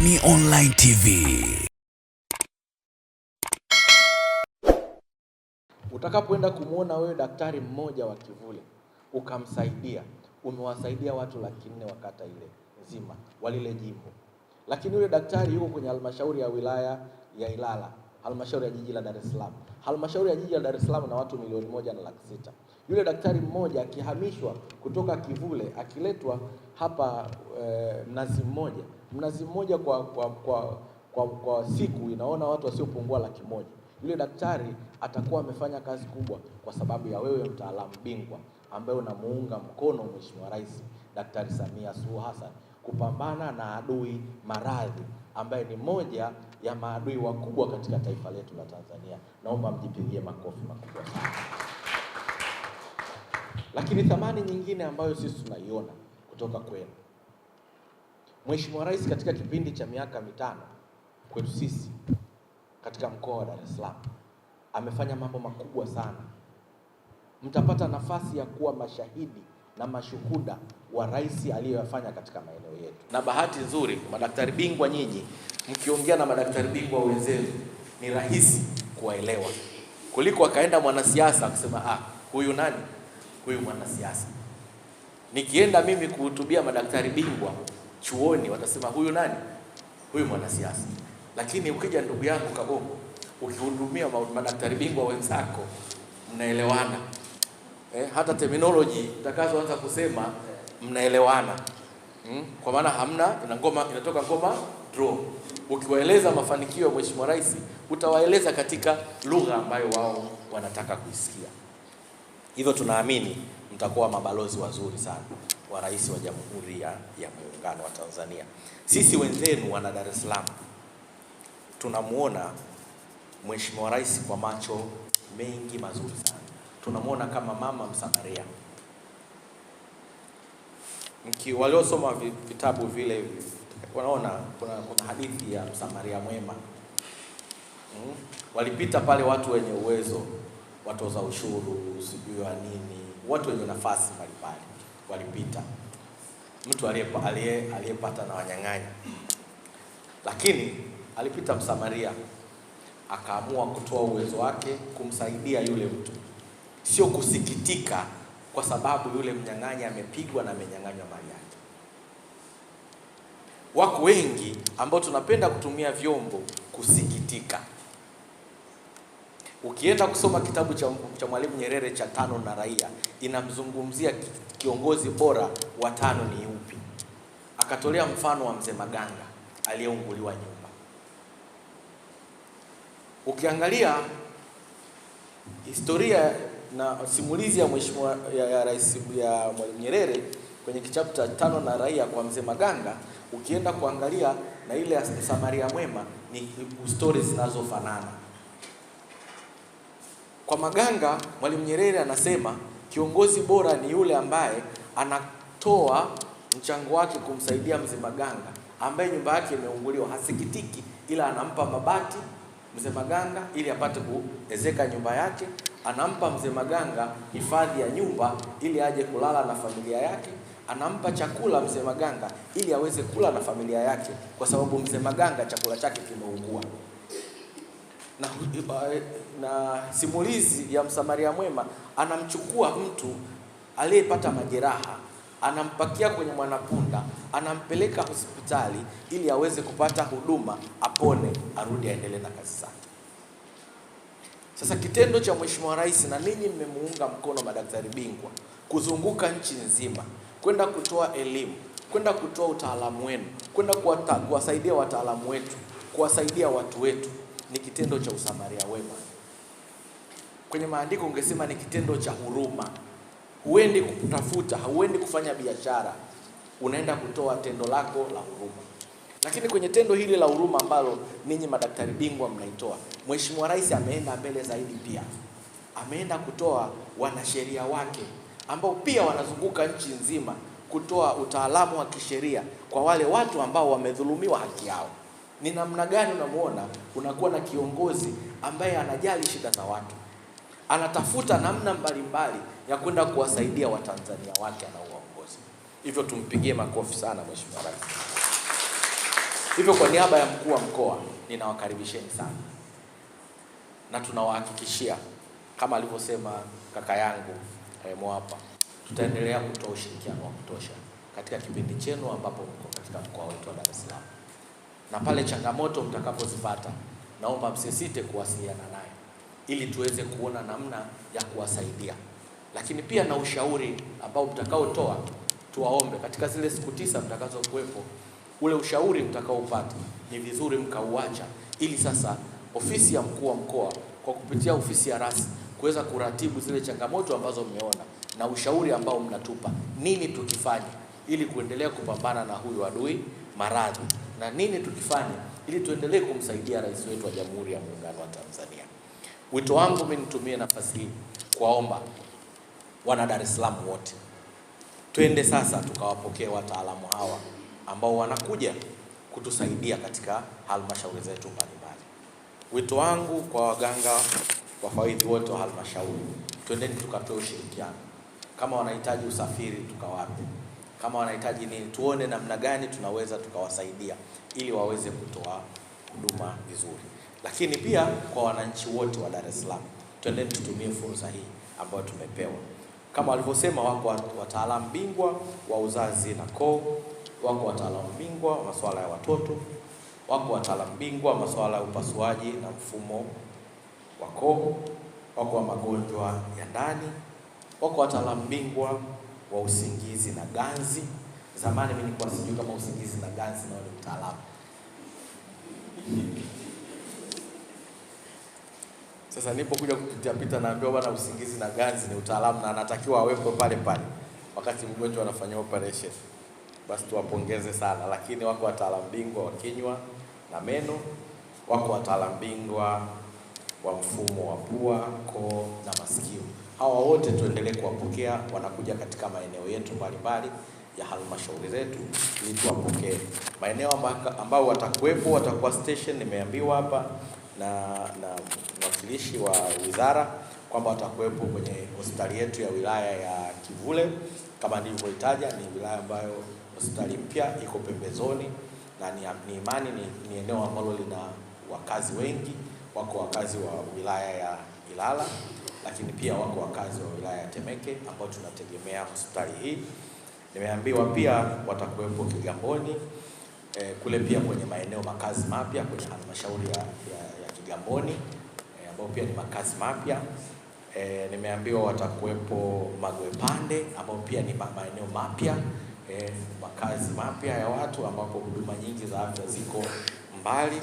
Boni Online TV. Utakapoenda kumwona wewe daktari mmoja wa kivule ukamsaidia, umewasaidia watu laki nne wa kata ile nzima wa lile jimbo, lakini yule daktari yuko kwenye halmashauri ya wilaya ya Ilala, halmashauri ya jiji la Dar es Salaam, halmashauri ya jiji la Dar es Salaam na watu milioni moja na laki sita. Yule daktari mmoja akihamishwa kutoka Kivule akiletwa hapa e, Mnazi Mmoja, Mnazi Mmoja kwa, kwa, kwa, kwa, kwa siku inaona watu wasiopungua laki moja. Yule daktari atakuwa amefanya kazi kubwa kwa sababu ya wewe mtaalamu bingwa ambaye unamuunga mkono Mheshimiwa Rais Daktari Samia Suluhu Hassan kupambana na adui maradhi ambaye ni moja ya maadui wakubwa katika taifa letu la Tanzania. Naomba mjipigie makofi makubwa sana. Lakini thamani nyingine ambayo sisi tunaiona kutoka kwenu, Mheshimiwa Rais, katika kipindi cha miaka mitano kwetu sisi katika mkoa wa Dar es Salaam amefanya mambo makubwa sana. Mtapata nafasi ya kuwa mashahidi na mashuhuda wa rais aliyoyafanya katika maeneo yetu, na bahati nzuri madaktari bingwa nyinyi, mkiongea na madaktari bingwa wenzenu ni rahisi kuwaelewa kuliko akaenda mwanasiasa akasema ah, huyu nani kwa hiyo mwanasiasa. Nikienda mimi kuhutubia madaktari bingwa chuoni, watasema huyu nani? Huyu mwanasiasa. Lakini ukija ndugu yangu Kabogo, ukihudumia madaktari bingwa wenzako, mnaelewana eh, hata terminology utakazoanza kusema mnaelewana hmm? Kwa maana hamna ina ngoma, inatoka ngoma draw. Ukiwaeleza mafanikio ya Mheshimiwa Rais, utawaeleza katika lugha ambayo wao wanataka kuisikia. Hivyo tunaamini mtakuwa mabalozi wazuri sana wa rais wa Jamhuri ya, ya Muungano wa Tanzania. Sisi wenzenu wana Dar es Salaam tunamwona Mheshimiwa Rais kwa macho mengi mazuri sana, tunamwona kama mama Msamaria. Mki waliosoma vitabu vile wanaona kuna, kuna hadithi ya Msamaria mwema hmm? Walipita pale watu wenye uwezo watoza ushuru, sijui wa nini, watu wenye nafasi mbalimbali walipita, mtu aliyepata na wanyang'anyi, lakini alipita Msamaria akaamua kutoa uwezo wake kumsaidia yule mtu, sio kusikitika kwa sababu yule mnyang'anyi amepigwa na amenyang'anywa mali yake. Wako wengi ambao tunapenda kutumia vyombo kusikitika. Ukienda kusoma kitabu cha, cha Mwalimu Nyerere cha Tano na Raia, inamzungumzia kiongozi bora wa tano ni upi. Akatolea mfano wa Mzee Maganga aliyeunguliwa nyumba. Ukiangalia historia na simulizi ya mheshimiwa ya, ya rais ya Mwalimu Nyerere kwenye kitabu cha Tano na Raia kwa Mzee Maganga, ukienda kuangalia na ile Samaria Mwema, ni stori zinazofanana kwa Maganga, Mwalimu Nyerere anasema kiongozi bora ni yule ambaye anatoa mchango wake kumsaidia mzee Maganga ambaye nyumba yake imeunguliwa, hasikitiki, ila anampa mabati mzee Maganga ili apate kuezeka nyumba yake, anampa mzee Maganga hifadhi ya nyumba ili aje kulala na familia yake, anampa chakula mzee Maganga ili aweze kula na familia yake, kwa sababu mzee Maganga chakula chake kimeungua na, eh, na simulizi ya Msamaria mwema anamchukua mtu aliyepata majeraha anampakia kwenye mwanapunda anampeleka hospitali ili aweze kupata huduma, apone, arudi aendelee na kazi zake. Sasa kitendo cha Mheshimiwa Rais na ninyi mmemuunga mkono, madaktari bingwa, kuzunguka nchi nzima kwenda kutoa elimu, kwenda kutoa utaalamu wenu, kwenda kuwasaidia wataalamu wetu, kuwasaidia watu wetu ni kitendo cha usamaria wema. Kwenye maandiko ungesema ni kitendo cha huruma. Huendi kutafuta, huendi kufanya biashara, unaenda kutoa tendo lako la huruma. Lakini kwenye tendo hili la huruma ambalo ninyi madaktari bingwa mnaitoa, Mheshimiwa Rais ameenda mbele zaidi, pia ameenda kutoa wanasheria wake ambao pia wanazunguka nchi nzima kutoa utaalamu wa kisheria kwa wale watu ambao wamedhulumiwa haki yao ni namna gani unamwona kunakuwa na kiongozi ambaye anajali shida za watu, anatafuta namna mbalimbali ya kwenda kuwasaidia Watanzania wake anaowaongoza. Hivyo tumpigie makofi sana Mheshimiwa Rais. Hivyo kwa niaba ya mkuu wa mkoa ninawakaribisheni sana, na tunawahakikishia kama alivyosema kaka yangu eh, hapa, tutaendelea kutoa ushirikiano wa kutosha katika kipindi chenu ambapo mko katika mkoa wetu wa Dar es Salaam na pale changamoto mtakapozipata, naomba msisite kuwasiliana naye ili tuweze kuona namna ya kuwasaidia. Lakini pia na ushauri ambao mtakaotoa, tuwaombe katika zile siku tisa mtakazokuwepo, ule ushauri mtakaopata ni vizuri mkauacha, ili sasa ofisi ya mkuu wa mkoa kwa kupitia ofisi ya rasi kuweza kuratibu zile changamoto ambazo mmeona na ushauri ambao mnatupa nini tukifanye ili kuendelea kupambana na huyu adui maradhi na nini tukifanya ili tuendelee kumsaidia rais wetu wa Jamhuri ya Muungano wa Tanzania. Wito wangu mimi, nitumie nafasi hii kuwaomba wana Dar es Salaam wote, twende sasa tukawapokee wataalamu hawa ambao wanakuja kutusaidia katika halmashauri zetu mbalimbali. Wito wangu kwa waganga wafawidhi wote wa halmashauri, twendeni tukatoe ushirikiano. Kama wanahitaji usafiri, tukawape kama wanahitaji nini, tuone namna gani tunaweza tukawasaidia ili waweze kutoa huduma vizuri. Lakini pia kwa wananchi wote wa Dar es Salaam, twendeni tutumie fursa hii ambayo tumepewa. Kama walivyosema, wako wataalamu bingwa wa uzazi na koo, wako wataalamu bingwa masuala ya watoto, wako wataalamu bingwa masuala ya upasuaji na mfumo wa koo, wako wa magonjwa ya ndani, wako wataalamu bingwa wa usingizi na ganzi. Zamani mimi nilikuwa sijui kama usingizi na ganzi na wale mtaalamu. Sasa nipo kuja kupita pita, naambiwa bwana, usingizi na ganzi ni utaalamu na anatakiwa awepo pale pale wakati mgonjwa anafanya operation. Basi tuwapongeze sana, lakini wako wataalamu bingwa wa kinywa na meno, wako wataalamu bingwa wa mfumo wa pua, koo na masikio hawa wote tuendelee kuwapokea, wanakuja katika maeneo yetu mbalimbali ya halmashauri zetu ili tuwapokee. Maeneo ambayo watakuwepo watakuwa station, nimeambiwa hapa na na mwakilishi wa wizara kwamba watakuwepo kwenye hospitali yetu ya wilaya ya Kivule. Kama nilivyoitaja, ni wilaya ambayo hospitali mpya iko pembezoni, na ni imani ni, ni eneo ambalo lina wakazi wengi, wako wakazi wa wilaya ya Ilala lakini pia wako wakazi wa wilaya ya Temeke ambao tunategemea hospitali hii. Nimeambiwa pia watakuwepo Kigamboni e, kule pia kwenye maeneo makazi mapya kwenye halmashauri ya, ya, ya Kigamboni e, ambao pia ni makazi mapya e, nimeambiwa watakuwepo Magwepande ambao pia ni maeneo mapya e, makazi mapya ya watu ambapo huduma nyingi za afya ziko mbali.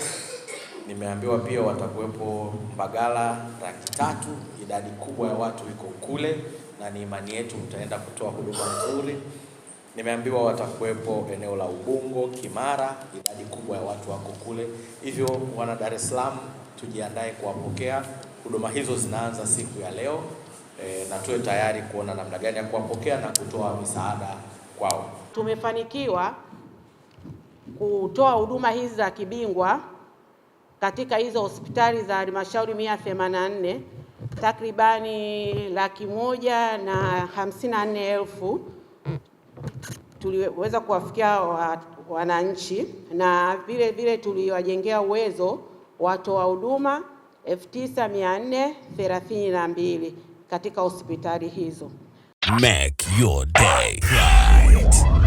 Nimeambiwa pia watakuwepo Mbagala rangi tatu, idadi kubwa ya watu iko kule na ni imani yetu mtaenda kutoa huduma nzuri. Nimeambiwa watakuwepo eneo la Ubungo, Kimara, idadi kubwa ya watu wako kule. Hivyo wana Dar es Salaam tujiandae kuwapokea. Huduma hizo zinaanza siku ya leo e, na tuwe tayari kuona namna gani ya kuwapokea na kutoa misaada kwao. Tumefanikiwa kutoa huduma hizi za kibingwa katika hizo hospitali za halmashauri 184 takribani laki moja na hamsini na nne elfu tuliweza kuwafikia wananchi na vile vile tuliwajengea uwezo watoa huduma 9432 mbili katika hospitali hizo. Make your day right.